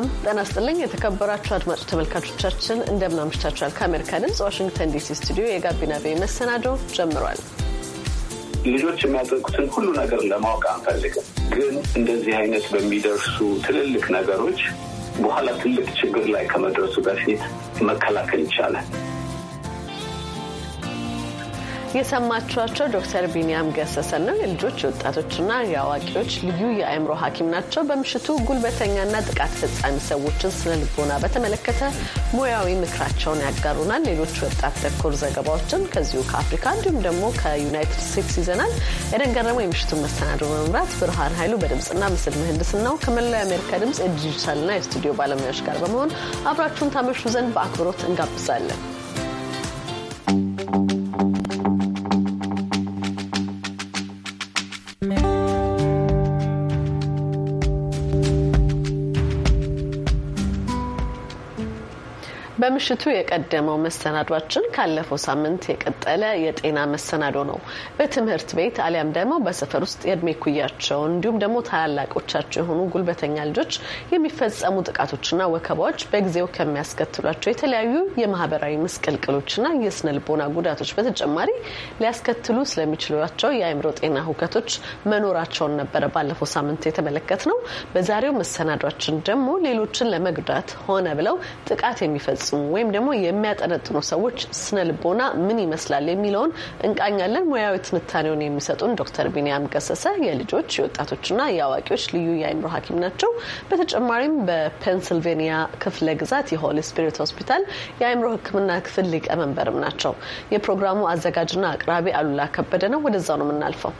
ሰላም ጤና ይስጥልኝ። የተከበራችሁ አድማጭ ተመልካቾቻችን እንደምናምሽታችኋል። ከአሜሪካ ድምጽ ዋሽንግተን ዲሲ ስቱዲዮ የጋቢና ቤ መሰናዶ ጀምሯል። ልጆች የሚያጠቁትን ሁሉ ነገር ለማወቅ አንፈልግም፣ ግን እንደዚህ አይነት በሚደርሱ ትልልቅ ነገሮች በኋላ ትልቅ ችግር ላይ ከመድረሱ በፊት መከላከል ይቻላል። የሰማችኋቸው ዶክተር ቢኒያም ገሰሰ ነው። የልጆች የወጣቶችና የአዋቂዎች ልዩ የአእምሮ ሐኪም ናቸው። በምሽቱ ጉልበተኛና ጥቃት ፈጻሚ ሰዎችን ስነ ልቦና በተመለከተ ሙያዊ ምክራቸውን ያጋሩናል። ሌሎች ወጣት ተኮር ዘገባዎችን ከዚሁ ከአፍሪካ እንዲሁም ደግሞ ከዩናይትድ ስቴትስ ይዘናል። ኤደን ገረመው የምሽቱን መሰናዶ በመምራት ብርሃን ኃይሉ በድምፅና ምስል ምህንድስናው ከመላው የአሜሪካ ድምፅ የዲጂታልና የስቱዲዮ ባለሙያዎች ጋር በመሆን አብራችሁን ታመሹ ዘንድ በአክብሮት እንጋብዛለን። በምሽቱ የቀደመው መሰናዷችን ካለፈው ሳምንት የቀጠለ የጤና መሰናዶ ነው። በትምህርት ቤት አሊያም ደግሞ በሰፈር ውስጥ የእድሜ ኩያቸው እንዲሁም ደግሞ ታላላቆቻቸው የሆኑ ጉልበተኛ ልጆች የሚፈጸሙ ጥቃቶችና ወከባዎች በጊዜው ከሚያስከትሏቸው የተለያዩ የማህበራዊ ምስቅልቅሎችና የስነ ልቦና ጉዳቶች በተጨማሪ ሊያስከትሉ ስለሚችሏቸው የአእምሮ ጤና ሁከቶች መኖራቸውን ነበረ ባለፈው ሳምንት የተመለከት ነው። በዛሬው መሰናዷችን ደግሞ ሌሎችን ለመጉዳት ሆነ ብለው ጥቃት የሚፈጽሙ ወይም ደግሞ የሚያጠነጥኑ ሰዎች ስነ ልቦና ምን ይመስላል የሚለውን እንቃኛለን። ሙያዊ ትንታኔውን የሚሰጡን ዶክተር ቢንያም ገሰሰ የልጆች የወጣቶችና የአዋቂዎች ልዩ የአይምሮ ሐኪም ናቸው። በተጨማሪም በፔንስልቬኒያ ክፍለ ግዛት የሆሊ ስፒሪት ሆስፒታል የአይምሮ ሕክምና ክፍል ሊቀመንበርም ናቸው። የፕሮግራሙ አዘጋጅና አቅራቢ አሉላ ከበደ ነው። ወደዛው ነው የምናልፈው።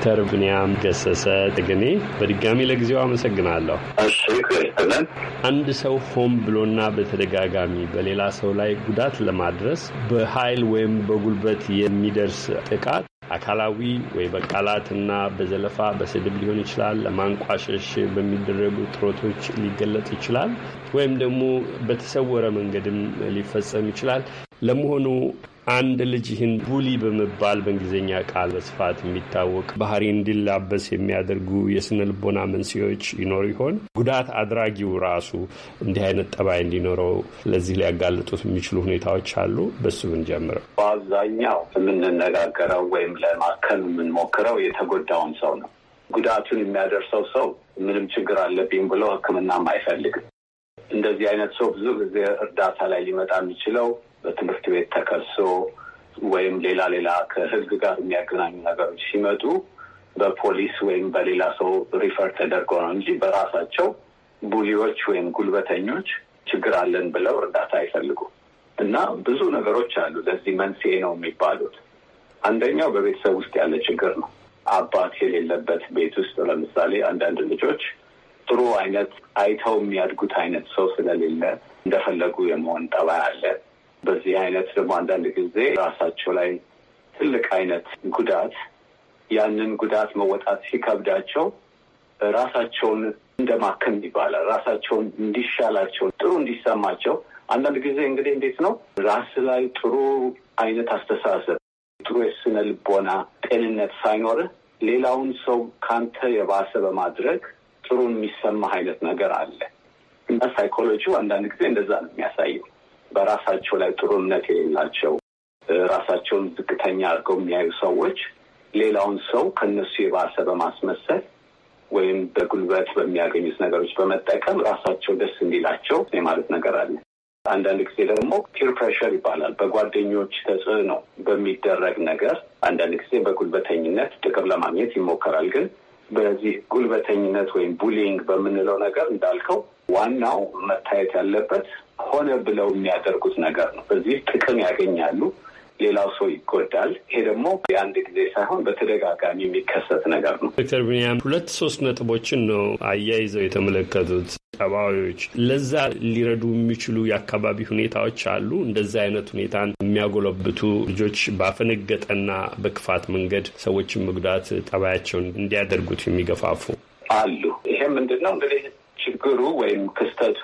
ዶክተር ብንያም ገሰሰ ጥግኔ በድጋሚ ለጊዜው አመሰግናለሁ። አንድ ሰው ሆን ብሎና በተደጋጋሚ በሌላ ሰው ላይ ጉዳት ለማድረስ በኃይል ወይም በጉልበት የሚደርስ ጥቃት አካላዊ ወይ በቃላትና በዘለፋ በስድብ ሊሆን ይችላል። ለማንቋሸሽ በሚደረጉ ጥረቶች ሊገለጥ ይችላል፣ ወይም ደግሞ በተሰወረ መንገድም ሊፈጸም ይችላል። ለመሆኑ አንድ ልጅ ይህን ቡሊ በመባል በእንግሊዝኛ ቃል በስፋት የሚታወቅ ባህሪ እንዲላበስ የሚያደርጉ የስነ ልቦና መንስኤዎች ይኖሩ ይሆን? ጉዳት አድራጊው ራሱ እንዲህ አይነት ጠባይ እንዲኖረው ለዚህ ሊያጋልጡት የሚችሉ ሁኔታዎች አሉ። በሱ ብንጀምረው። በአብዛኛው የምንነጋገረው ወይም ለማከም የምንሞክረው የተጎዳውን ሰው ነው። ጉዳቱን የሚያደርሰው ሰው ምንም ችግር አለብኝ ብሎ ሕክምናም አይፈልግም። እንደዚህ አይነት ሰው ብዙ ጊዜ እርዳታ ላይ ሊመጣ የሚችለው በትምህርት ቤት ተከሶ ወይም ሌላ ሌላ ከህግ ጋር የሚያገናኙ ነገሮች ሲመጡ በፖሊስ ወይም በሌላ ሰው ሪፈር ተደርጎ ነው እንጂ በራሳቸው ቡሊዎች ወይም ጉልበተኞች ችግር አለን ብለው እርዳታ አይፈልጉም። እና ብዙ ነገሮች አሉ ለዚህ መንስኤ ነው የሚባሉት። አንደኛው በቤተሰብ ውስጥ ያለ ችግር ነው። አባት የሌለበት ቤት ውስጥ ለምሳሌ አንዳንድ ልጆች ጥሩ አይነት አይተው የሚያድጉት አይነት ሰው ስለሌለ እንደፈለጉ የመሆን ጠባይ አለ። በዚህ አይነት ደግሞ አንዳንድ ጊዜ ራሳቸው ላይ ትልቅ አይነት ጉዳት ያንን ጉዳት መወጣት ሲከብዳቸው ራሳቸውን እንደማከም ይባላል። ራሳቸውን እንዲሻላቸው ጥሩ እንዲሰማቸው አንዳንድ ጊዜ እንግዲህ እንዴት ነው ራስ ላይ ጥሩ አይነት አስተሳሰብ፣ ጥሩ የስነ ልቦና ጤንነት ሳይኖርህ ሌላውን ሰው ካንተ የባሰ በማድረግ ጥሩ የሚሰማህ አይነት ነገር አለ እና ሳይኮሎጂው አንዳንድ ጊዜ እንደዛ ነው የሚያሳየው። በራሳቸው ላይ ጥሩ እምነት የሌላቸው ራሳቸውን ዝቅተኛ አድርገው የሚያዩ ሰዎች ሌላውን ሰው ከነሱ የባሰ በማስመሰል ወይም በጉልበት በሚያገኙት ነገሮች በመጠቀም ራሳቸው ደስ እንዲላቸው የማለት ነገር አለ። አንዳንድ ጊዜ ደግሞ ፒር ፕሬሸር ይባላል። በጓደኞች ተጽዕኖ በሚደረግ ነገር አንዳንድ ጊዜ በጉልበተኝነት ጥቅም ለማግኘት ይሞከራል። ግን በዚህ ጉልበተኝነት ወይም ቡሊንግ በምንለው ነገር እንዳልከው ዋናው መታየት ያለበት ሆነ ብለው የሚያደርጉት ነገር ነው። በዚህ ጥቅም ያገኛሉ፣ ሌላው ሰው ይጎዳል። ይሄ ደግሞ የአንድ ጊዜ ሳይሆን በተደጋጋሚ የሚከሰት ነገር ነው። ዶክተር ቢንያም ሁለት ሶስት ነጥቦችን ነው አያይዘው የተመለከቱት። ጠባዮች ለዛ ሊረዱ የሚችሉ የአካባቢ ሁኔታዎች አሉ። እንደዛ አይነት ሁኔታን የሚያጎለብቱ ልጆች ባፈነገጠና በክፋት መንገድ ሰዎችን መጉዳት ጠባያቸውን እንዲያደርጉት የሚገፋፉ አሉ። ይሄ ምንድን ነው እንግዲህ ችግሩ ወይም ክስተቱ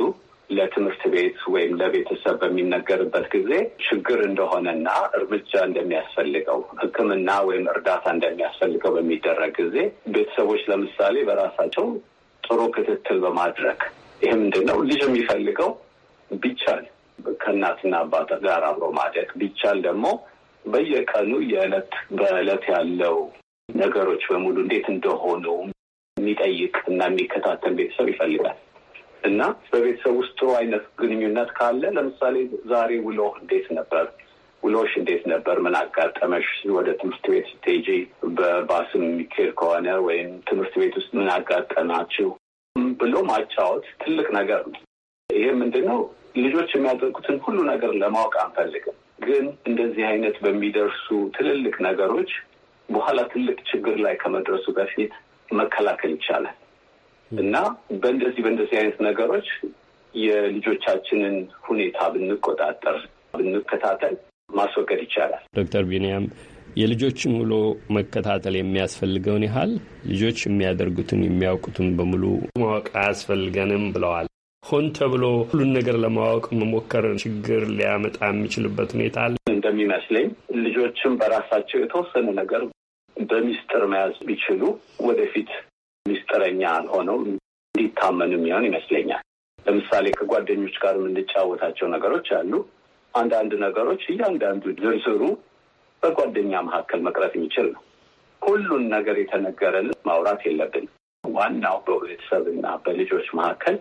ለትምህርት ቤት ወይም ለቤተሰብ በሚነገርበት ጊዜ ችግር እንደሆነና እርምጃ እንደሚያስፈልገው ሕክምና ወይም እርዳታ እንደሚያስፈልገው በሚደረግ ጊዜ ቤተሰቦች ለምሳሌ በራሳቸው ጥሩ ክትትል በማድረግ ይህ ምንድን ነው ልጅ የሚፈልገው ቢቻል ከእናትና አባት ጋር አብሮ ማደግ ቢቻል ደግሞ በየቀኑ የዕለት በዕለት ያለው ነገሮች በሙሉ እንዴት እንደሆኑ የሚጠይቅ እና የሚከታተል ቤተሰብ ይፈልጋል። እና በቤተሰብ ውስጥ ጥሩ አይነት ግንኙነት ካለ ለምሳሌ ዛሬ ውሎ እንዴት ነበር? ውሎሽ እንዴት ነበር? ምን አጋጠመሽ? ወደ ትምህርት ቤት ስትሄጂ በባስም የሚካሄድ ከሆነ ወይም ትምህርት ቤት ውስጥ ምን አጋጠማችሁ ብሎ ማጫወት ትልቅ ነገር ነው። ይሄ ምንድነው ልጆች የሚያደርጉትን ሁሉ ነገር ለማወቅ አንፈልግም፣ ግን እንደዚህ አይነት በሚደርሱ ትልልቅ ነገሮች በኋላ ትልቅ ችግር ላይ ከመድረሱ በፊት መከላከል ይቻላል። እና በእንደዚህ በእንደዚህ አይነት ነገሮች የልጆቻችንን ሁኔታ ብንቆጣጠር፣ ብንከታተል ማስወገድ ይቻላል። ዶክተር ቢንያም የልጆችን ውሎ መከታተል የሚያስፈልገውን ያህል ልጆች የሚያደርጉትን የሚያውቁትን በሙሉ ማወቅ አያስፈልገንም ብለዋል። ሆን ተብሎ ሁሉን ነገር ለማወቅ መሞከር ችግር ሊያመጣ የሚችልበት ሁኔታ አለ። እንደሚመስለኝ ልጆችም በራሳቸው የተወሰነ ነገር በሚስጥር መያዝ ቢችሉ ወደፊት ሚስጥረኛ ሆነው እንዲታመኑ የሚሆን ይመስለኛል። ለምሳሌ ከጓደኞች ጋር የምንጫወታቸው ነገሮች አሉ። አንዳንድ ነገሮች እያንዳንዱ ዝርዝሩ በጓደኛ መካከል መቅረት የሚችል ነው። ሁሉን ነገር የተነገረልን ማውራት የለብንም። ዋናው በቤተሰብና በልጆች መካከል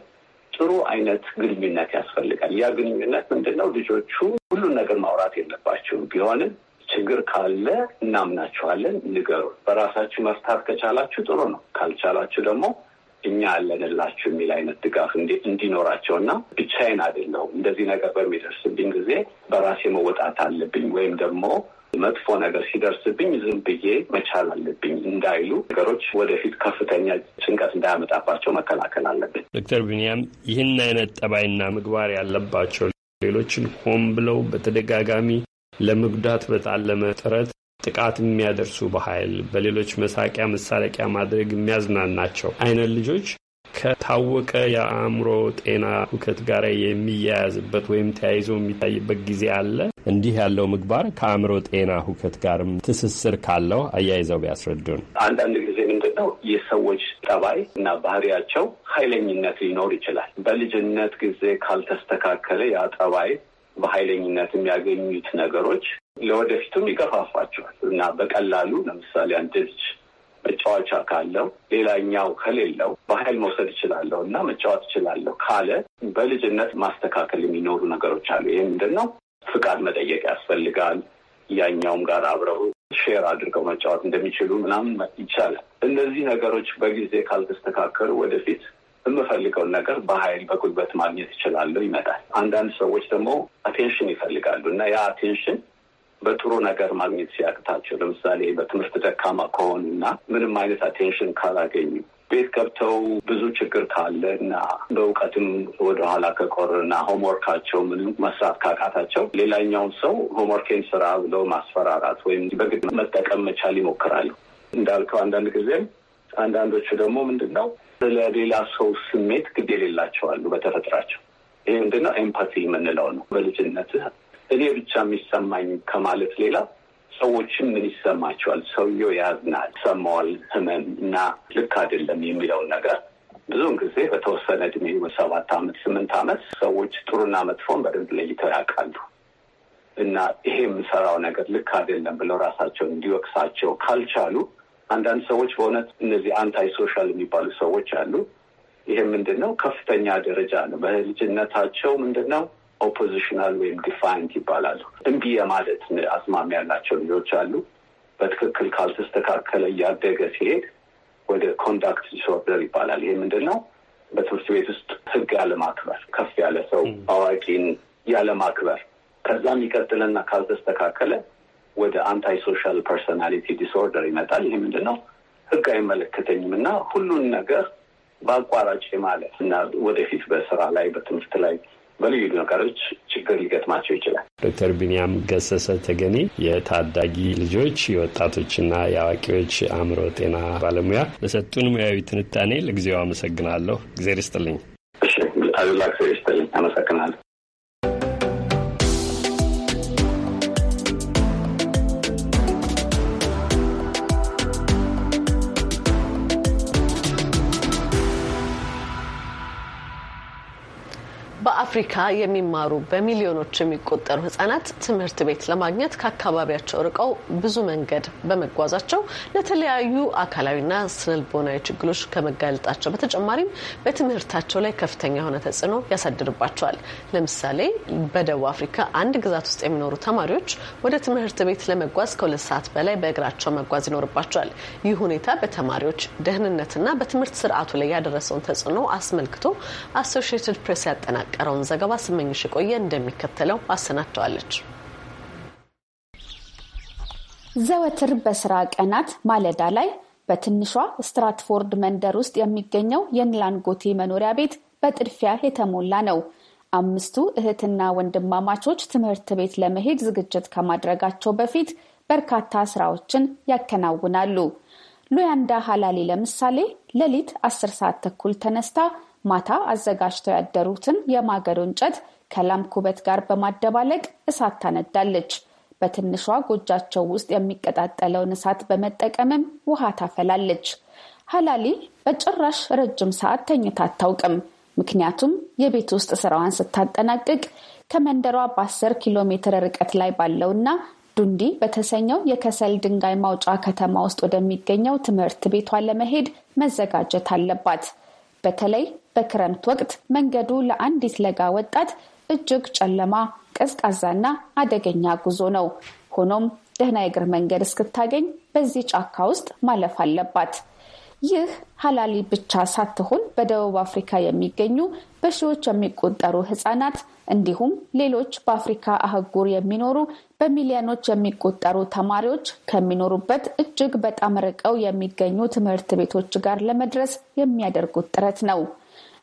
ጥሩ አይነት ግንኙነት ያስፈልጋል። ያ ግንኙነት ምንድን ነው? ልጆቹ ሁሉን ነገር ማውራት የለባቸውም ቢሆንም ችግር ካለ እናምናችኋለን፣ ንገሩ። በራሳችሁ መፍታት ከቻላችሁ ጥሩ ነው፣ ካልቻላችሁ ደግሞ እኛ ያለንላችሁ የሚል አይነት ድጋፍ እንዲኖራቸው እና ብቻዬን አይደለሁም እንደዚህ ነገር በሚደርስብኝ ጊዜ በራሴ መወጣት አለብኝ ወይም ደግሞ መጥፎ ነገር ሲደርስብኝ ዝም ብዬ መቻል አለብኝ እንዳይሉ ነገሮች ወደፊት ከፍተኛ ጭንቀት እንዳያመጣባቸው መከላከል አለብን። ዶክተር ቢንያም ይህን አይነት ጠባይና ምግባር ያለባቸው ሌሎችን ሆን ብለው በተደጋጋሚ ለመጉዳት በታለመ ጥረት ጥቃት የሚያደርሱ በኃይል በሌሎች መሳቂያ መሳለቂያ ማድረግ የሚያዝናናቸው አይነት ልጆች ከታወቀ የአእምሮ ጤና ሁከት ጋር የሚያያዝበት ወይም ተያይዞ የሚታይበት ጊዜ አለ። እንዲህ ያለው ምግባር ከአእምሮ ጤና ሁከት ጋርም ትስስር ካለው አያይዘው ቢያስረዱን። አንዳንድ ጊዜ ምንድነው የሰዎች ጠባይ እና ባህሪያቸው ኃይለኝነት ሊኖር ይችላል። በልጅነት ጊዜ ካልተስተካከለ ያ ጠባይ በኃይለኝነት የሚያገኙት ነገሮች ለወደፊቱም ይገፋፋቸዋል እና በቀላሉ ለምሳሌ አንድ ልጅ መጫወቻ ካለው ሌላኛው ከሌለው በኃይል መውሰድ እችላለሁ እና መጫወት እችላለሁ ካለ በልጅነት ማስተካከል የሚኖሩ ነገሮች አሉ። ይህ ምንድን ነው? ፍቃድ መጠየቅ ያስፈልጋል። ያኛውም ጋር አብረው ሼር አድርገው መጫወት እንደሚችሉ ምናምን ይቻላል። እነዚህ ነገሮች በጊዜ ካልተስተካከሉ ወደፊት የምፈልገውን ነገር በኃይል በጉልበት ማግኘት ይችላለሁ ይመጣል። አንዳንድ ሰዎች ደግሞ አቴንሽን ይፈልጋሉ እና ያ አቴንሽን በጥሩ ነገር ማግኘት ሲያቅታቸው፣ ለምሳሌ በትምህርት ደካማ ከሆኑ እና ምንም አይነት አቴንሽን ካላገኙ ቤት ገብተው ብዙ ችግር ካለ እና በእውቀትም ወደኋላ ከቆርና ሆምወርካቸው ምንም መስራት ካቃታቸው ሌላኛውን ሰው ሆምወርኬን ስራ ብለው ማስፈራራት ወይም በግድ መጠቀም መቻል ይሞክራሉ። እንዳልከው አንዳንድ ጊዜም አንዳንዶቹ ደግሞ ምንድን ነው ስለሌላ ሰው ስሜት ግድ የሌላቸዋሉ በተፈጥራቸው። ይህ ምንድነው ኤምፓቲ የምንለው ነው። በልጅነትህ እኔ ብቻ የሚሰማኝ ከማለት ሌላ ሰዎችም ምን ይሰማቸዋል፣ ሰውየው ያዝናል፣ ሰማዋል ህመም እና ልክ አይደለም የሚለውን ነገር ብዙውን ጊዜ በተወሰነ እድሜ ሰባት አመት ስምንት አመት ሰዎች ጥሩና መጥፎን በደንብ ለይተው ያውቃሉ እና ይሄ የምሰራው ነገር ልክ አይደለም ብለው ራሳቸውን እንዲወቅሳቸው ካልቻሉ አንዳንድ ሰዎች በእውነት እነዚህ አንታይ ሶሻል የሚባሉ ሰዎች አሉ። ይሄ ምንድን ነው? ከፍተኛ ደረጃ ነው። በልጅነታቸው ምንድን ነው ኦፖዚሽናል ወይም ዲፋይንት ይባላሉ። እምቢ የማለት አዝማሚያ ያላቸው ልጆች አሉ። በትክክል ካልተስተካከለ እያደገ ሲሄድ ወደ ኮንዳክት ዲስኦርደር ይባላል። ይሄ ምንድን ነው? በትምህርት ቤት ውስጥ ህግ ያለማክበር፣ ከፍ ያለ ሰው አዋቂን ያለማክበር ከዛም ይቀጥልና ካልተስተካከለ ወደ አንታይ ሶሻል ፐርሶናሊቲ ዲስኦርደር ይመጣል። ይህ ምንድን ነው? ህግ አይመለከተኝም እና ሁሉን ነገር በአቋራጭ ማለት እና ወደፊት በስራ ላይ በትምህርት ላይ በልዩ ነገሮች ችግር ሊገጥማቸው ይችላል። ዶክተር ቢንያም ገሰሰ ተገኔ የታዳጊ ልጆች የወጣቶችና የአዋቂዎች አእምሮ ጤና ባለሙያ በሰጡን ሙያዊ ትንታኔ ለጊዜው አመሰግናለሁ። እግዜር ይስጥልኝ። እሺ፣ አሉላ እግዜር ይስጥልኝ። አመሰግናለሁ። በአፍሪካ የሚማሩ በሚሊዮኖች የሚቆጠሩ ህጻናት ትምህርት ቤት ለማግኘት ከአካባቢያቸው ርቀው ብዙ መንገድ በመጓዛቸው ለተለያዩ አካላዊና ስነልቦናዊ ችግሮች ከመጋለጣቸው በተጨማሪም በትምህርታቸው ላይ ከፍተኛ የሆነ ተጽዕኖ ያሳድርባቸዋል። ለምሳሌ በደቡብ አፍሪካ አንድ ግዛት ውስጥ የሚኖሩ ተማሪዎች ወደ ትምህርት ቤት ለመጓዝ ከሁለት ሰዓት በላይ በእግራቸው መጓዝ ይኖርባቸዋል። ይህ ሁኔታ በተማሪዎች ደህንነትና በትምህርት ስርዓቱ ላይ ያደረሰውን ተጽዕኖ አስመልክቶ አሶሽትድ ፕሬስ ያጠናል ያጠናቀረውን ዘገባ ስመኝሽ ቆየ እንደሚከተለው አሰናድተዋለች። ዘወትር በስራ ቀናት ማለዳ ላይ በትንሿ ስትራትፎርድ መንደር ውስጥ የሚገኘው የንላንጎቴ መኖሪያ ቤት በጥድፊያ የተሞላ ነው። አምስቱ እህትና ወንድማማቾች ትምህርት ቤት ለመሄድ ዝግጅት ከማድረጋቸው በፊት በርካታ ስራዎችን ያከናውናሉ። ሉያንዳ ሀላሊ ለምሳሌ ሌሊት አስር ሰዓት ተኩል ተነስታ ማታ አዘጋጅተው ያደሩትን የማገዶ እንጨት ከላም ኩበት ጋር በማደባለቅ እሳት ታነዳለች። በትንሿ ጎጃቸው ውስጥ የሚቀጣጠለውን እሳት በመጠቀምም ውሃ ታፈላለች። ሀላሊ በጭራሽ ረጅም ሰዓት ተኝታ አታውቅም። ምክንያቱም የቤት ውስጥ ስራዋን ስታጠናቅቅ ከመንደሯ በአስር ኪሎ ሜትር ርቀት ላይ ባለውና ዱንዲ በተሰኘው የከሰል ድንጋይ ማውጫ ከተማ ውስጥ ወደሚገኘው ትምህርት ቤቷ ለመሄድ መዘጋጀት አለባት። በተለይ በክረምት ወቅት መንገዱ ለአንዲት ለጋ ወጣት እጅግ ጨለማ፣ ቀዝቃዛና አደገኛ ጉዞ ነው። ሆኖም ደህና የእግር መንገድ እስክታገኝ በዚህ ጫካ ውስጥ ማለፍ አለባት። ይህ ሀላሊ ብቻ ሳትሆን በደቡብ አፍሪካ የሚገኙ በሺዎች የሚቆጠሩ ህጻናት እንዲሁም ሌሎች በአፍሪካ አህጉር የሚኖሩ በሚሊዮኖች የሚቆጠሩ ተማሪዎች ከሚኖሩበት እጅግ በጣም ርቀው የሚገኙ ትምህርት ቤቶች ጋር ለመድረስ የሚያደርጉት ጥረት ነው።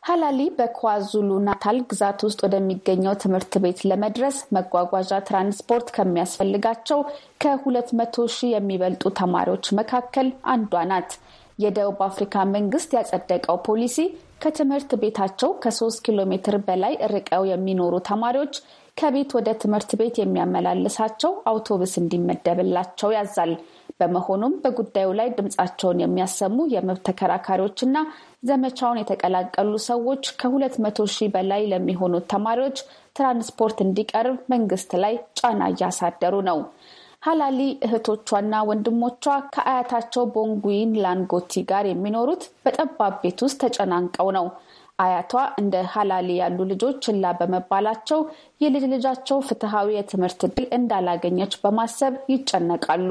ሀላሊ በኳዙሉ ናታል ግዛት ውስጥ ወደሚገኘው ትምህርት ቤት ለመድረስ መጓጓዣ ትራንስፖርት ከሚያስፈልጋቸው ከ 200 ሺህ የሚበልጡ ተማሪዎች መካከል አንዷ ናት። የደቡብ አፍሪካ መንግስት ያጸደቀው ፖሊሲ ከትምህርት ቤታቸው ከ 3 ኪሎ ሜትር በላይ ርቀው የሚኖሩ ተማሪዎች ከቤት ወደ ትምህርት ቤት የሚያመላልሳቸው አውቶቡስ እንዲመደብላቸው ያዛል። በመሆኑም በጉዳዩ ላይ ድምፃቸውን የሚያሰሙ የመብት ተከራካሪዎችና ዘመቻውን የተቀላቀሉ ሰዎች ከሁለት መቶ ሺህ በላይ ለሚሆኑት ተማሪዎች ትራንስፖርት እንዲቀርብ መንግስት ላይ ጫና እያሳደሩ ነው። ሀላሊ እህቶቿና ወንድሞቿ ከአያታቸው ቦንጉይን ላንጎቲ ጋር የሚኖሩት በጠባብ ቤት ውስጥ ተጨናንቀው ነው። አያቷ እንደ ሀላሊ ያሉ ልጆች ችላ በመባላቸው የልጅ ልጃቸው ፍትሐዊ የትምህርት እድል እንዳላገኘች በማሰብ ይጨነቃሉ።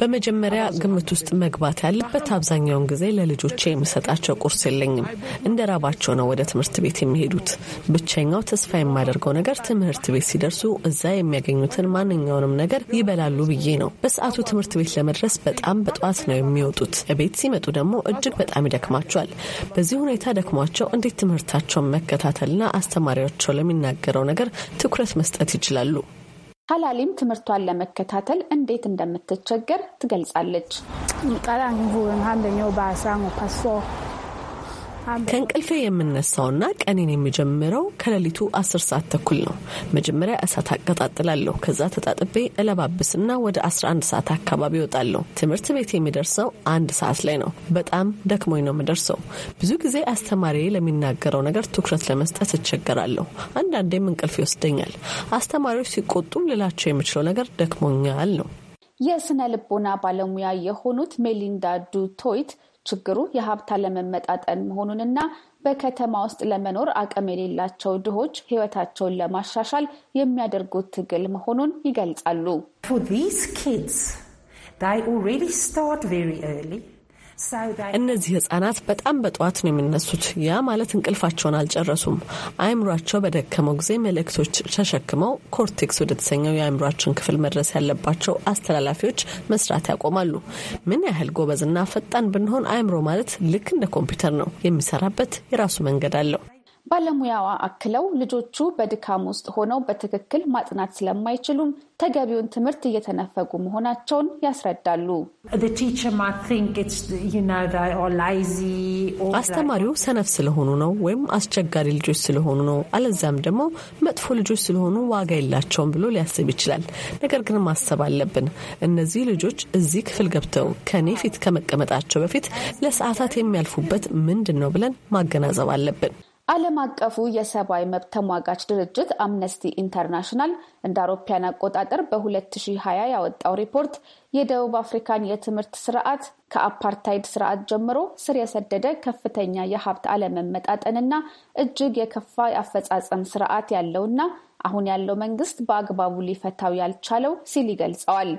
በመጀመሪያ ግምት ውስጥ መግባት ያለበት አብዛኛውን ጊዜ ለልጆቼ የምሰጣቸው ቁርስ የለኝም። እንደ ራባቸው ነው ወደ ትምህርት ቤት የሚሄዱት። ብቸኛው ተስፋ የማደርገው ነገር ትምህርት ቤት ሲደርሱ እዛ የሚያገኙትን ማንኛውንም ነገር ይበላሉ ብዬ ነው። በሰዓቱ ትምህርት ቤት ለመድረስ በጣም በጠዋት ነው የሚወጡት። ከኢትዮጵያ ቤት ሲመጡ ደግሞ እጅግ በጣም ይደክማቸዋል። በዚህ ሁኔታ ደክሟቸው እንዴት ትምህርታቸውን መከታተልና አስተማሪያቸው ለሚናገረው ነገር ትኩረት መስጠት ይችላሉ? ሀላሊም ትምህርቷን ለመከታተል እንዴት እንደምትቸገር ትገልጻለች። ከእንቅልፌ የምነሳውና ቀኔን የሚጀምረው ከሌሊቱ አስር ሰዓት ተኩል ነው። መጀመሪያ እሳት አቀጣጥላለሁ። ከዛ ተጣጥቤ እለባብስና ወደ 11 ሰዓት አካባቢ እወጣለሁ። ትምህርት ቤት የሚደርሰው አንድ ሰዓት ላይ ነው። በጣም ደክሞኝ ነው የምደርሰው። ብዙ ጊዜ አስተማሪ ለሚናገረው ነገር ትኩረት ለመስጠት እቸገራለሁ። አንዳንዴም እንቅልፍ ይወስደኛል። አስተማሪዎች ሲቆጡ ልላቸው የምችለው ነገር ደክሞኛል ነው። የስነ ልቦና ባለሙያ የሆኑት ሜሊንዳ ዱቶይት ችግሩ የሀብት አለመመጣጠን መሆኑንና በከተማ ውስጥ ለመኖር አቅም የሌላቸው ድሆች ህይወታቸውን ለማሻሻል የሚያደርጉት ትግል መሆኑን ይገልጻሉ። እነዚህ ህጻናት በጣም በጠዋት ነው የሚነሱት። ያ ማለት እንቅልፋቸውን አልጨረሱም። አእምሯቸው በደከመው ጊዜ መልእክቶች ተሸክመው ኮርቴክስ ወደተሰኘው የአእምሯችን ክፍል መድረስ ያለባቸው አስተላላፊዎች መስራት ያቆማሉ። ምን ያህል ጎበዝና ፈጣን ብንሆን አእምሮ ማለት ልክ እንደ ኮምፒውተር ነው፣ የሚሰራበት የራሱ መንገድ አለው። ባለሙያዋ አክለው ልጆቹ በድካም ውስጥ ሆነው በትክክል ማጥናት ስለማይችሉም ተገቢውን ትምህርት እየተነፈጉ መሆናቸውን ያስረዳሉ። አስተማሪው ሰነፍ ስለሆኑ ነው ወይም አስቸጋሪ ልጆች ስለሆኑ ነው፣ አለዚያም ደግሞ መጥፎ ልጆች ስለሆኑ ዋጋ የላቸውም ብሎ ሊያስብ ይችላል። ነገር ግን ማሰብ አለብን እነዚህ ልጆች እዚህ ክፍል ገብተው ከኔ ፊት ከመቀመጣቸው በፊት ለሰዓታት የሚያልፉበት ምንድን ነው ብለን ማገናዘብ አለብን። ዓለም አቀፉ የሰብአዊ መብት ተሟጋች ድርጅት አምነስቲ ኢንተርናሽናል እንደ አውሮፓያን አቆጣጠር በ2020 ያወጣው ሪፖርት የደቡብ አፍሪካን የትምህርት ስርዓት ከአፓርታይድ ስርዓት ጀምሮ ስር የሰደደ ከፍተኛ የሀብት አለመመጣጠንና እጅግ የከፋ የአፈጻጸም ስርዓት ያለውና አሁን ያለው መንግስት በአግባቡ ሊፈታው ያልቻለው ሲል ይገልጸዋል።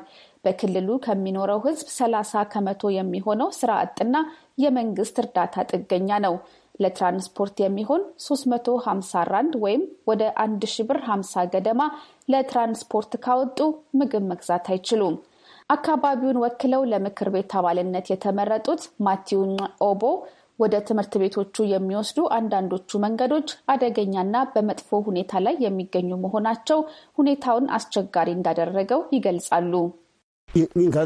በክልሉ ከሚኖረው ህዝብ 30 ከመቶ የሚሆነው ስራ አጥና የመንግስት እርዳታ ጥገኛ ነው። ለትራንስፖርት የሚሆን 350 ራንድ ወይም ወደ 1 ሺ ብር 50 ገደማ ለትራንስፖርት ካወጡ ምግብ መግዛት አይችሉም። አካባቢውን ወክለው ለምክር ቤት አባልነት የተመረጡት ማቲው ኦቦ ወደ ትምህርት ቤቶቹ የሚወስዱ አንዳንዶቹ መንገዶች አደገኛና በመጥፎ ሁኔታ ላይ የሚገኙ መሆናቸው ሁኔታውን አስቸጋሪ እንዳደረገው ይገልጻሉ።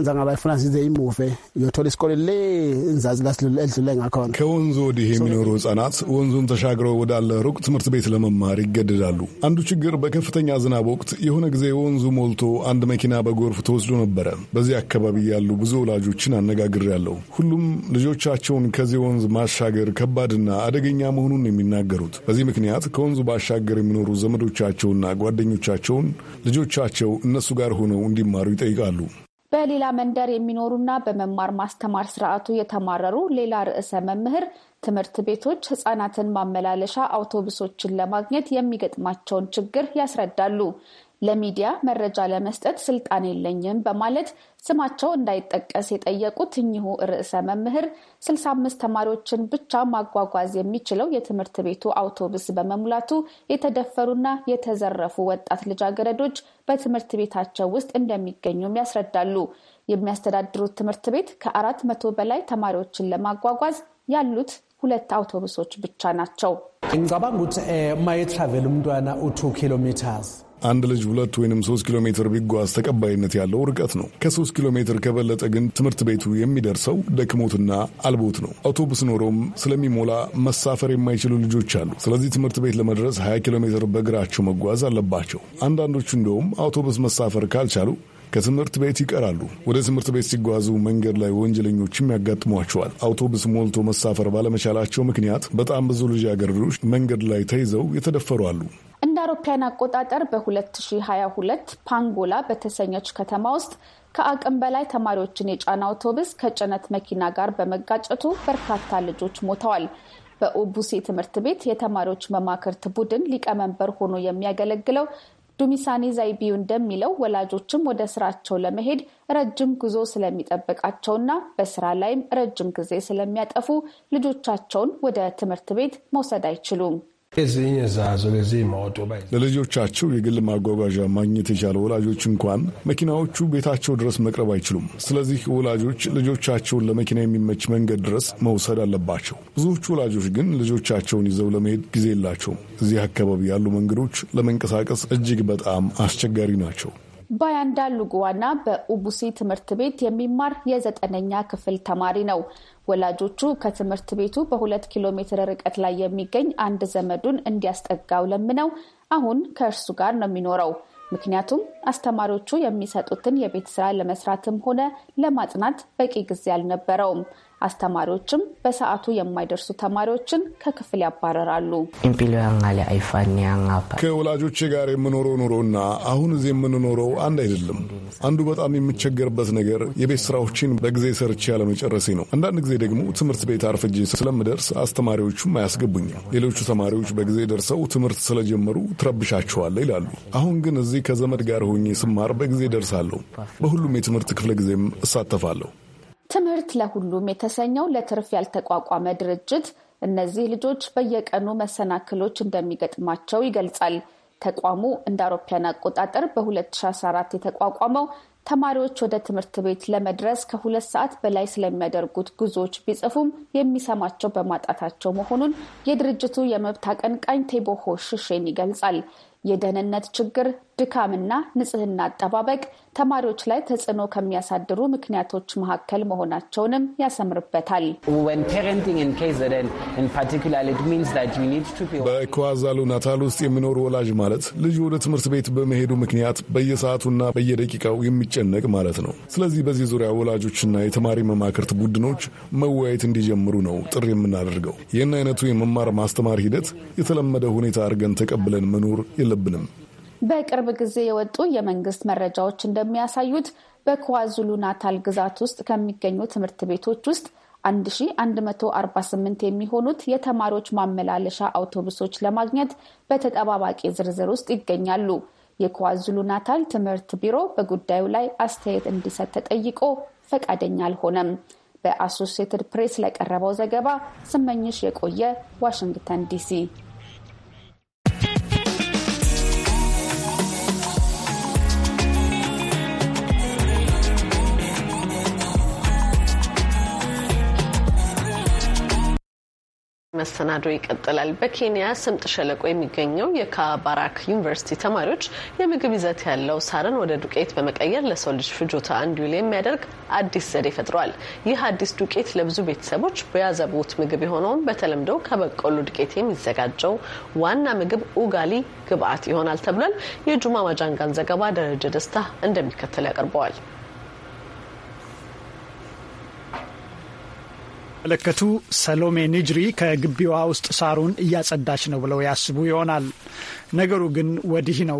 zanga bayifuna size imuve yothola isikole le nzazi elidlule ngakhona ከወንዝ ወዲህ የሚኖሩ ህጻናት ወንዙን ተሻግረው ወዳለ ሩቅ ትምህርት ቤት ለመማር ይገደዳሉ። አንዱ ችግር በከፍተኛ ዝናብ ወቅት የሆነ ጊዜ ወንዙ ሞልቶ አንድ መኪና በጎርፍ ተወስዶ ነበረ። በዚህ አካባቢ ያሉ ብዙ ወላጆችን አነጋግሬያለሁ። ሁሉም ልጆቻቸውን ከዚህ ወንዝ ማሻገር ከባድና አደገኛ መሆኑን የሚናገሩት በዚህ ምክንያት ከወንዙ ባሻገር የሚኖሩ ዘመዶቻቸውና ጓደኞቻቸውን ልጆቻቸው እነሱ ጋር ሆነው እንዲማሩ ይጠይቃሉ። በሌላ መንደር የሚኖሩና በመማር ማስተማር ስርዓቱ የተማረሩ ሌላ ርዕሰ መምህር ትምህርት ቤቶች ህጻናትን ማመላለሻ አውቶቡሶችን ለማግኘት የሚገጥማቸውን ችግር ያስረዳሉ። ለሚዲያ መረጃ ለመስጠት ስልጣን የለኝም በማለት ስማቸው እንዳይጠቀስ የጠየቁት እኚሁ ርዕሰ መምህር ስልሳ አምስት ተማሪዎችን ብቻ ማጓጓዝ የሚችለው የትምህርት ቤቱ አውቶቡስ በመሙላቱ የተደፈሩና የተዘረፉ ወጣት ልጃገረዶች በትምህርት ቤታቸው ውስጥ እንደሚገኙም ያስረዳሉ። የሚያስተዳድሩት ትምህርት ቤት ከአራት መቶ በላይ ተማሪዎችን ለማጓጓዝ ያሉት ሁለት አውቶቡሶች ብቻ ናቸው። አንድ ልጅ ሁለት ወይም ሶስት ኪሎ ሜትር ቢጓዝ ተቀባይነት ያለው ርቀት ነው። ከሶስት ኪሎ ሜትር ከበለጠ ግን ትምህርት ቤቱ የሚደርሰው ደክሞትና አልቦት ነው። አውቶቡስ ኖሮም ስለሚሞላ መሳፈር የማይችሉ ልጆች አሉ። ስለዚህ ትምህርት ቤት ለመድረስ 20 ኪሎ ሜትር በእግራቸው መጓዝ አለባቸው። አንዳንዶቹ እንደውም አውቶቡስ መሳፈር ካልቻሉ ከትምህርት ቤት ይቀራሉ። ወደ ትምህርት ቤት ሲጓዙ መንገድ ላይ ወንጀለኞችም ያጋጥሟቸዋል። አውቶቡስ ሞልቶ መሳፈር ባለመቻላቸው ምክንያት በጣም ብዙ ልጃገረዶች መንገድ ላይ ተይዘው የተደፈሩ አሉ። እንደ አውሮፓያን አቆጣጠር በ2022 ፓንጎላ በተሰኘች ከተማ ውስጥ ከአቅም በላይ ተማሪዎችን የጫነ አውቶብስ ከጭነት መኪና ጋር በመጋጨቱ በርካታ ልጆች ሞተዋል። በኦቡሴ ትምህርት ቤት የተማሪዎች መማክርት ቡድን ሊቀመንበር ሆኖ የሚያገለግለው ዱሚሳኔ ዛይቢዩ እንደሚለው ወላጆችም ወደ ስራቸው ለመሄድ ረጅም ጉዞ ስለሚጠብቃቸውና በስራ ላይም ረጅም ጊዜ ስለሚያጠፉ ልጆቻቸውን ወደ ትምህርት ቤት መውሰድ አይችሉም። ለልጆቻቸው የግል ማጓጓዣ ማግኘት የቻለ ወላጆች እንኳን መኪናዎቹ ቤታቸው ድረስ መቅረብ አይችሉም። ስለዚህ ወላጆች ልጆቻቸውን ለመኪና የሚመች መንገድ ድረስ መውሰድ አለባቸው። ብዙዎቹ ወላጆች ግን ልጆቻቸውን ይዘው ለመሄድ ጊዜ የላቸውም። እዚህ አካባቢ ያሉ መንገዶች ለመንቀሳቀስ እጅግ በጣም አስቸጋሪ ናቸው። ባያንዳ ሉጉዋና በኡቡሴ ትምህርት ቤት የሚማር የዘጠነኛ ክፍል ተማሪ ነው። ወላጆቹ ከትምህርት ቤቱ በሁለት ኪሎ ሜትር ርቀት ላይ የሚገኝ አንድ ዘመዱን እንዲያስጠጋው ለምነው አሁን ከእርሱ ጋር ነው የሚኖረው። ምክንያቱም አስተማሪዎቹ የሚሰጡትን የቤት ስራ ለመስራትም ሆነ ለማጥናት በቂ ጊዜ አልነበረውም። አስተማሪዎችም በሰዓቱ የማይደርሱ ተማሪዎችን ከክፍል ያባረራሉ። ከወላጆቼ ጋር የምኖረው ኑሮና አሁን እዚህ የምንኖረው አንድ አይደለም። አንዱ በጣም የምቸገርበት ነገር የቤት ስራዎችን በጊዜ ሰርቼ ያለመጨረሴ ነው። አንዳንድ ጊዜ ደግሞ ትምህርት ቤት አርፍጄ ስለምደርስ አስተማሪዎቹም አያስገቡኝም። ሌሎቹ ተማሪዎች በጊዜ ደርሰው ትምህርት ስለጀመሩ ትረብሻቸዋለ ይላሉ። አሁን ግን እዚህ ከዘመድ ጋር ሆኜ ስማር በጊዜ ደርሳለሁ። በሁሉም የትምህርት ክፍለ ጊዜም እሳተፋለሁ። ትምህርት ለሁሉም የተሰኘው ለትርፍ ያልተቋቋመ ድርጅት እነዚህ ልጆች በየቀኑ መሰናክሎች እንደሚገጥማቸው ይገልጻል። ተቋሙ እንደ አውሮፓውያን አቆጣጠር በ2014 የተቋቋመው ተማሪዎች ወደ ትምህርት ቤት ለመድረስ ከሁለት ሰዓት በላይ ስለሚያደርጉት ጉዞዎች ቢጽፉም የሚሰማቸው በማጣታቸው መሆኑን የድርጅቱ የመብት አቀንቃኝ ቴቦሆ ሽሼን ይገልጻል። የደህንነት ችግር፣ ድካምና ንጽህና አጠባበቅ ተማሪዎች ላይ ተጽዕኖ ከሚያሳድሩ ምክንያቶች መካከል መሆናቸውንም ያሰምርበታል። በኳዛሉ ናታል ውስጥ የሚኖር ወላጅ ማለት ልጁ ወደ ትምህርት ቤት በመሄዱ ምክንያት በየሰዓቱና በየደቂቃው የሚጨነቅ ማለት ነው። ስለዚህ በዚህ ዙሪያ ወላጆችና የተማሪ መማክርት ቡድኖች መወያየት እንዲጀምሩ ነው ጥሪ የምናደርገው። ይህን አይነቱ የመማር ማስተማር ሂደት የተለመደ ሁኔታ አድርገን ተቀብለን መኖር የለብንም። በቅርብ ጊዜ የወጡ የመንግስት መረጃዎች እንደሚያሳዩት በኳዙሉ ናታል ግዛት ውስጥ ከሚገኙ ትምህርት ቤቶች ውስጥ 1148 የሚሆኑት የተማሪዎች ማመላለሻ አውቶቡሶች ለማግኘት በተጠባባቂ ዝርዝር ውስጥ ይገኛሉ። የኳዙሉ ናታል ትምህርት ቢሮ በጉዳዩ ላይ አስተያየት እንዲሰጥ ተጠይቆ ፈቃደኛ አልሆነም። በአሶሲየትድ ፕሬስ ለቀረበው ዘገባ ስመኝሽ የቆየ ዋሽንግተን ዲሲ። መሰናዶ ይቀጥላል። በኬንያ ስምጥ ሸለቆ የሚገኘው የካባራክ ዩኒቨርሲቲ ተማሪዎች የምግብ ይዘት ያለው ሳርን ወደ ዱቄት በመቀየር ለሰው ልጅ ፍጆታ እንዲውል የሚያደርግ አዲስ ዘዴ ፈጥረዋል። ይህ አዲስ ዱቄት ለብዙ ቤተሰቦች በያዘቡት ምግብ የሆነውን በተለምዶ ከበቆሎ ዱቄት የሚዘጋጀው ዋና ምግብ ኡጋሊ ግብዓት ይሆናል ተብሏል። የጁማ ማጃንጋን ዘገባ ደረጀ ደስታ እንደሚከተል ያቀርበዋል። ሲመለከቱ ሰሎሜ ኒጅሪ ከግቢዋ ውስጥ ሳሩን እያጸዳች ነው ብለው ያስቡ ይሆናል። ነገሩ ግን ወዲህ ነው።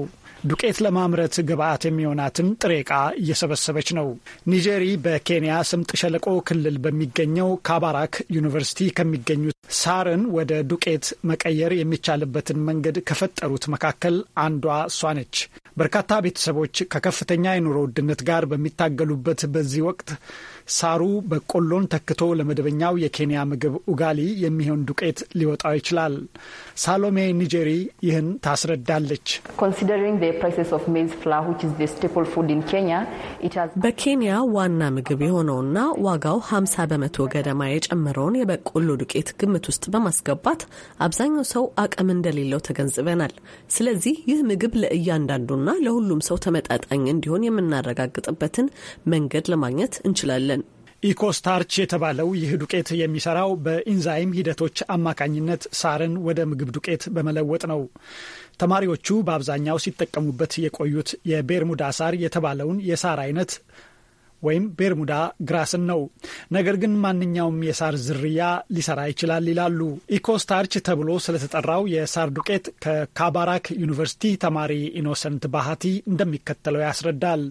ዱቄት ለማምረት ግብአት የሚሆናትን ጥሬ ዕቃ እየሰበሰበች ነው። ኒጀሪ በኬንያ ስምጥ ሸለቆ ክልል በሚገኘው ካባራክ ዩኒቨርሲቲ ከሚገኙት ሳርን ወደ ዱቄት መቀየር የሚቻልበትን መንገድ ከፈጠሩት መካከል አንዷ እሷ ነች። በርካታ ቤተሰቦች ከከፍተኛ የኑሮ ውድነት ጋር በሚታገሉበት በዚህ ወቅት ሳሩ በቆሎን ተክቶ ለመደበኛው የኬንያ ምግብ ኡጋሊ የሚሆን ዱቄት ሊወጣው ይችላል። ሳሎሜ ኒጀሪ ይህን ታስረዳለች። በኬንያ ዋና ምግብ የሆነውና ዋጋው 50 በመቶ ገደማ የጨመረውን የበቆሎ ዱቄት ግምት ውስጥ በማስገባት አብዛኛው ሰው አቅም እንደሌለው ተገንዝበናል። ስለዚህ ይህ ምግብ ለእያንዳንዱ ፍቱና ለሁሉም ሰው ተመጣጣኝ እንዲሆን የምናረጋግጥበትን መንገድ ለማግኘት እንችላለን። ኢኮስታርች የተባለው ይህ ዱቄት የሚሰራው በኢንዛይም ሂደቶች አማካኝነት ሳርን ወደ ምግብ ዱቄት በመለወጥ ነው። ተማሪዎቹ በአብዛኛው ሲጠቀሙበት የቆዩት የቤርሙዳ ሳር የተባለውን የሳር አይነት ወይም ቤርሙዳ ግራስን ነው። ነገር ግን ማንኛውም የሳር ዝርያ ሊሰራ ይችላል ይላሉ። ኢኮስታርች ተብሎ ስለተጠራው የሳር ዱቄት ከካባራክ ዩኒቨርሲቲ ተማሪ ኢኖሰንት ባህቲ እንደሚከተለው ያስረዳል።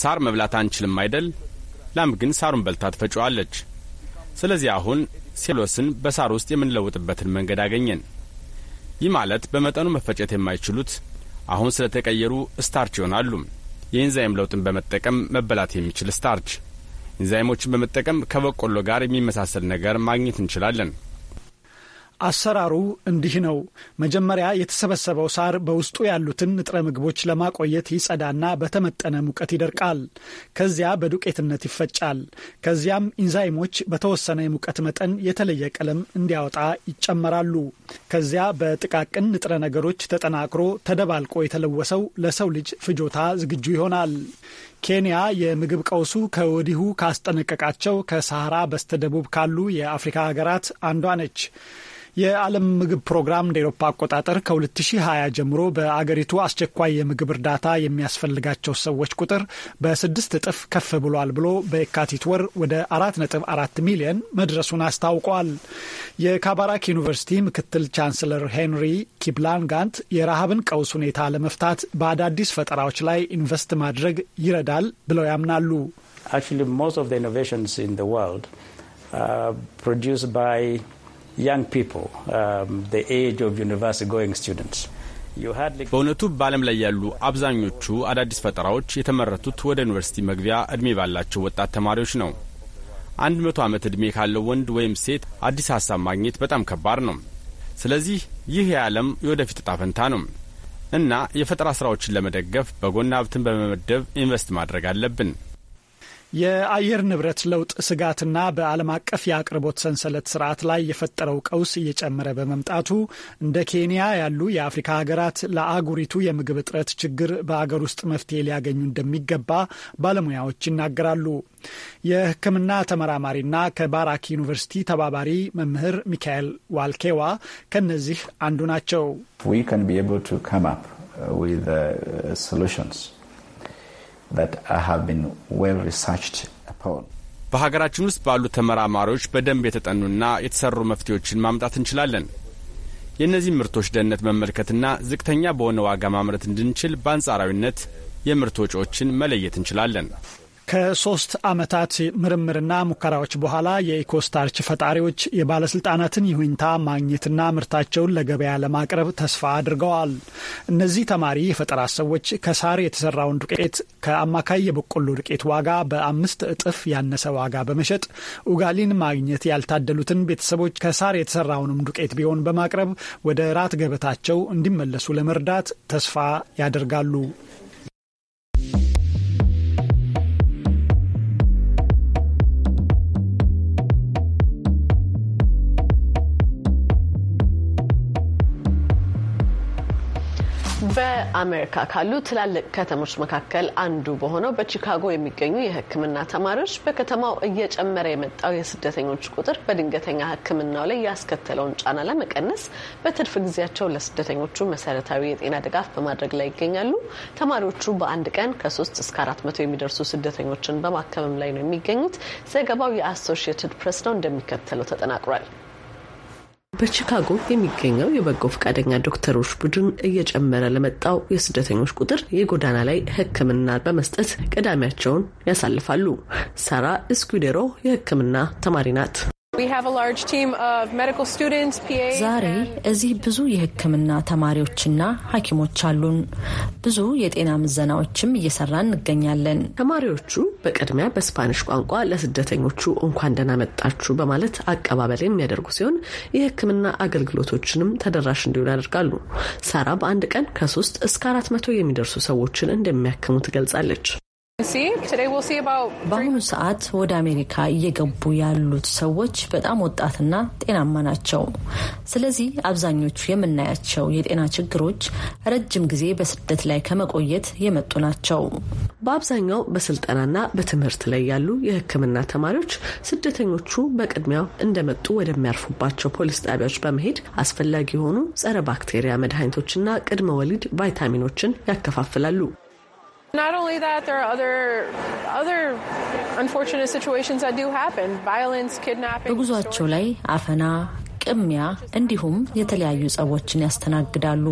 ሳር መብላት አንችልም አይደል? ላም ግን ሳሩን በልታ ትፈጫዋለች። ስለዚህ አሁን ሴሎስን በሳር ውስጥ የምንለውጥበትን መንገድ አገኘን። ይህ ማለት በመጠኑ መፈጨት የማይችሉት አሁን ስለተቀየሩ ስታርች ይሆናሉ። የኢንዛይም ለውጥን በመጠቀም መበላት የሚችል ስታርች ኢንዛይሞችን በመጠቀም ከበቆሎ ጋር የሚመሳሰል ነገር ማግኘት እንችላለን። አሰራሩ እንዲህ ነው። መጀመሪያ የተሰበሰበው ሳር በውስጡ ያሉትን ንጥረ ምግቦች ለማቆየት ይጸዳና በተመጠነ ሙቀት ይደርቃል። ከዚያ በዱቄትነት ይፈጫል። ከዚያም ኢንዛይሞች በተወሰነ የሙቀት መጠን የተለየ ቀለም እንዲያወጣ ይጨመራሉ። ከዚያ በጥቃቅን ንጥረ ነገሮች ተጠናክሮ ተደባልቆ የተለወሰው ለሰው ልጅ ፍጆታ ዝግጁ ይሆናል። ኬንያ የምግብ ቀውሱ ከወዲሁ ካስጠነቀቃቸው ከሰሃራ በስተደቡብ ካሉ የአፍሪካ ሀገራት አንዷ ነች። የዓለም ምግብ ፕሮግራም እንደ ኤሮፓ አቆጣጠር ከ2020 ጀምሮ በአገሪቱ አስቸኳይ የምግብ እርዳታ የሚያስፈልጋቸው ሰዎች ቁጥር በስድስት እጥፍ ከፍ ብሏል ብሎ በየካቲት ወር ወደ 4.4 ሚሊዮን መድረሱን አስታውቋል። የካባራክ ዩኒቨርሲቲ ምክትል ቻንስለር ሄንሪ ጋንት የረሃብን ቀውስ ሁኔታ ለመፍታት በአዳዲስ ፈጠራዎች ላይ ኢንቨስት ማድረግ ይረዳል ብለው ያምናሉ። actually most of the innovations in the world are uh, produced by Um, በእውነቱ በዓለም ላይ ያሉ አብዛኞቹ አዳዲስ ፈጠራዎች የተመረቱት ወደ ዩኒቨርሲቲ መግቢያ ዕድሜ ባላቸው ወጣት ተማሪዎች ነው። አንድ መቶ ዓመት ዕድሜ ካለው ወንድ ወይም ሴት አዲስ ሀሳብ ማግኘት በጣም ከባድ ነው። ስለዚህ ይህ የዓለም የወደፊት እጣ ፈንታ ነው እና የፈጠራ ሥራዎችን ለመደገፍ በጎን ሀብትን በመመደብ ኢንቨስት ማድረግ አለብን። የአየር ንብረት ለውጥ ስጋትና በዓለም አቀፍ የአቅርቦት ሰንሰለት ስርዓት ላይ የፈጠረው ቀውስ እየጨመረ በመምጣቱ እንደ ኬንያ ያሉ የአፍሪካ ሀገራት ለአጉሪቱ የምግብ እጥረት ችግር በአገር ውስጥ መፍትሄ ሊያገኙ እንደሚገባ ባለሙያዎች ይናገራሉ። የሕክምና ተመራማሪና ከባራክ ዩኒቨርሲቲ ተባባሪ መምህር ሚካኤል ዋልኬዋ ከነዚህ አንዱ ናቸው። በሀገራችን ውስጥ ባሉ ተመራማሪዎች በደንብ የተጠኑና የተሰሩ መፍትሄዎችን ማምጣት እንችላለን። የእነዚህ ምርቶች ደህንነት መመልከትና ዝቅተኛ በሆነ ዋጋ ማምረት እንድንችል በአንጻራዊነት የምርት ወጪዎችን መለየት እንችላለን። ከሶስት ዓመታት ምርምርና ሙከራዎች በኋላ የኢኮስታርች ፈጣሪዎች የባለስልጣናትን ይሁንታ ማግኘትና ምርታቸውን ለገበያ ለማቅረብ ተስፋ አድርገዋል። እነዚህ ተማሪ የፈጠራ ሰዎች ከሳር የተሰራውን ዱቄት ከአማካይ የበቆሎ ዱቄት ዋጋ በአምስት እጥፍ ያነሰ ዋጋ በመሸጥ ኡጋሊን ማግኘት ያልታደሉትን ቤተሰቦች ከሳር የተሰራውንም ዱቄት ቢሆን በማቅረብ ወደ ራት ገበታቸው እንዲመለሱ ለመርዳት ተስፋ ያደርጋሉ። በአሜሪካ ካሉ ትላልቅ ከተሞች መካከል አንዱ በሆነው በቺካጎ የሚገኙ የሕክምና ተማሪዎች በከተማው እየጨመረ የመጣው የስደተኞች ቁጥር በድንገተኛ ሕክምናው ላይ ያስከተለውን ጫና ለመቀነስ በትርፍ ጊዜያቸው ለስደተኞቹ መሰረታዊ የጤና ድጋፍ በማድረግ ላይ ይገኛሉ። ተማሪዎቹ በአንድ ቀን ከሶስት እስከ አራት መቶ የሚደርሱ ስደተኞችን በማከምም ላይ ነው የሚገኙት። ዘገባው የአሶሺየትድ ፕሬስ ነው፣ እንደሚከተለው ተጠናቅሯል። በቺካጎ የሚገኘው የበጎ ፈቃደኛ ዶክተሮች ቡድን እየጨመረ ለመጣው የስደተኞች ቁጥር የጎዳና ላይ ሕክምና በመስጠት ቀዳሚያቸውን ያሳልፋሉ። ሳራ እስኩዴሮ የሕክምና ተማሪ ናት። ዛሬ እዚህ ብዙ የሕክምና ተማሪዎችና ሐኪሞች አሉን። ብዙ የጤና ምዘናዎችም እየሰራ እንገኛለን። ተማሪዎቹ በቅድሚያ በስፓኒሽ ቋንቋ ለስደተኞቹ እንኳን ደህና መጣችሁ በማለት አቀባበል የሚያደርጉ ሲሆን የሕክምና አገልግሎቶችንም ተደራሽ እንዲሆን ያደርጋሉ። ሳራ በአንድ ቀን ከሶስት እስከ አራት መቶ የሚደርሱ ሰዎችን እንደሚያክሙ ትገልጻለች። በአሁኑ ሰዓት ወደ አሜሪካ እየገቡ ያሉት ሰዎች በጣም ወጣትና ጤናማ ናቸው። ስለዚህ አብዛኞቹ የምናያቸው የጤና ችግሮች ረጅም ጊዜ በስደት ላይ ከመቆየት የመጡ ናቸው። በአብዛኛው በስልጠናና በትምህርት ላይ ያሉ የሕክምና ተማሪዎች ስደተኞቹ በቅድሚያው እንደመጡ ወደሚያርፉባቸው ፖሊስ ጣቢያዎች በመሄድ አስፈላጊ የሆኑ ጸረ ባክቴሪያ መድኃኒቶችና ቅድመ ወሊድ ቫይታሚኖችን ያከፋፍላሉ። Not only that, there are other other unfortunate situations that do happen. Violence, kidnapping. በጉዟቸው ላይ አፈና ቅሚያ እንዲሁም የተለያዩ ጸቦችን ያስተናግዳሉ።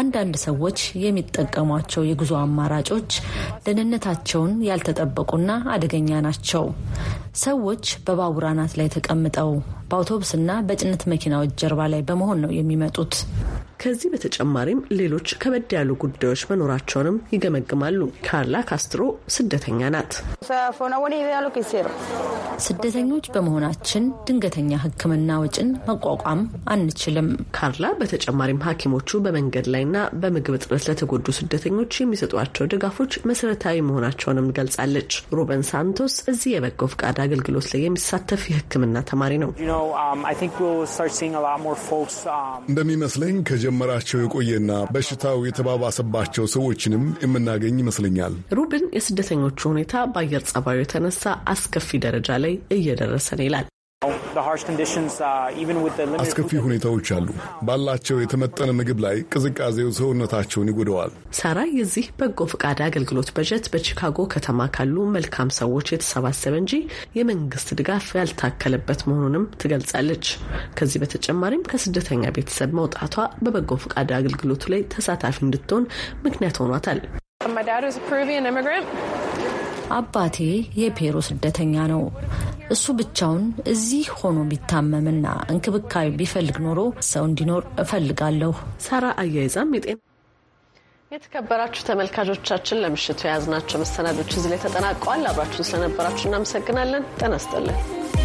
አንዳንድ ሰዎች የሚጠቀሟቸው የጉዞ አማራጮች ደህንነታቸውን ያልተጠበቁና አደገኛ ናቸው። ሰዎች በባቡር አናት ላይ ተቀምጠው በአውቶቡስና በጭነት መኪናዎች ጀርባ ላይ በመሆን ነው የሚመጡት። ከዚህ በተጨማሪም ሌሎች ከበድ ያሉ ጉዳዮች መኖራቸውንም ይገመግማሉ። ካርላ ካስትሮ ስደተኛ ናት። ስደተኞች በመሆናችን ድንገተኛ ሕክምና ወጪን መቋቋም አንችልም። ካርላ በተጨማሪም ሐኪሞቹ በመንገድ ላይና በምግብ እጥረት ለተጎዱ ስደተኞች የሚሰጧቸው ድጋፎች መሰረታዊ መሆናቸውንም ገልጻለች። ሩበን ሳንቶስ እዚህ የበጎ ፈቃድ አገልግሎት ላይ የሚሳተፍ የሕክምና ተማሪ ነው። um, um, እንደሚመስለኝ ከጀ ከጀመራቸው የቆየና በሽታው የተባባሰባቸው ሰዎችንም የምናገኝ ይመስለኛል። ሩብን የስደተኞቹ ሁኔታ በአየር ጸባዩ የተነሳ አስከፊ ደረጃ ላይ እየደረሰን ይላል። Uh, አስከፊ ሁኔታዎች አሉ። ባላቸው የተመጠነ ምግብ ላይ ቅዝቃዜው ሰውነታቸውን ይጎደዋል። ሳራ የዚህ በጎ ፈቃድ አገልግሎት በጀት በቺካጎ ከተማ ካሉ መልካም ሰዎች የተሰባሰበ እንጂ የመንግስት ድጋፍ ያልታከለበት መሆኑንም ትገልጻለች። ከዚህ በተጨማሪም ከስደተኛ ቤተሰብ መውጣቷ በበጎ ፈቃድ አገልግሎቱ ላይ ተሳታፊ እንድትሆን ምክንያት ሆኗታል። አባቴ የፔሮ ስደተኛ ነው። እሱ ብቻውን እዚህ ሆኖ ቢታመምና እንክብካቤ ቢፈልግ ኖሮ ሰው እንዲኖር እፈልጋለሁ። ሳራ አያይዛም የጤና የተከበራችሁ ተመልካቾቻችን ለምሽቱ የያዝናቸው መሰናዶች እዚህ ላይ ተጠናቀዋል። አብራችሁን ስለነበራችሁ እናመሰግናለን። ጤና ይስጥልን።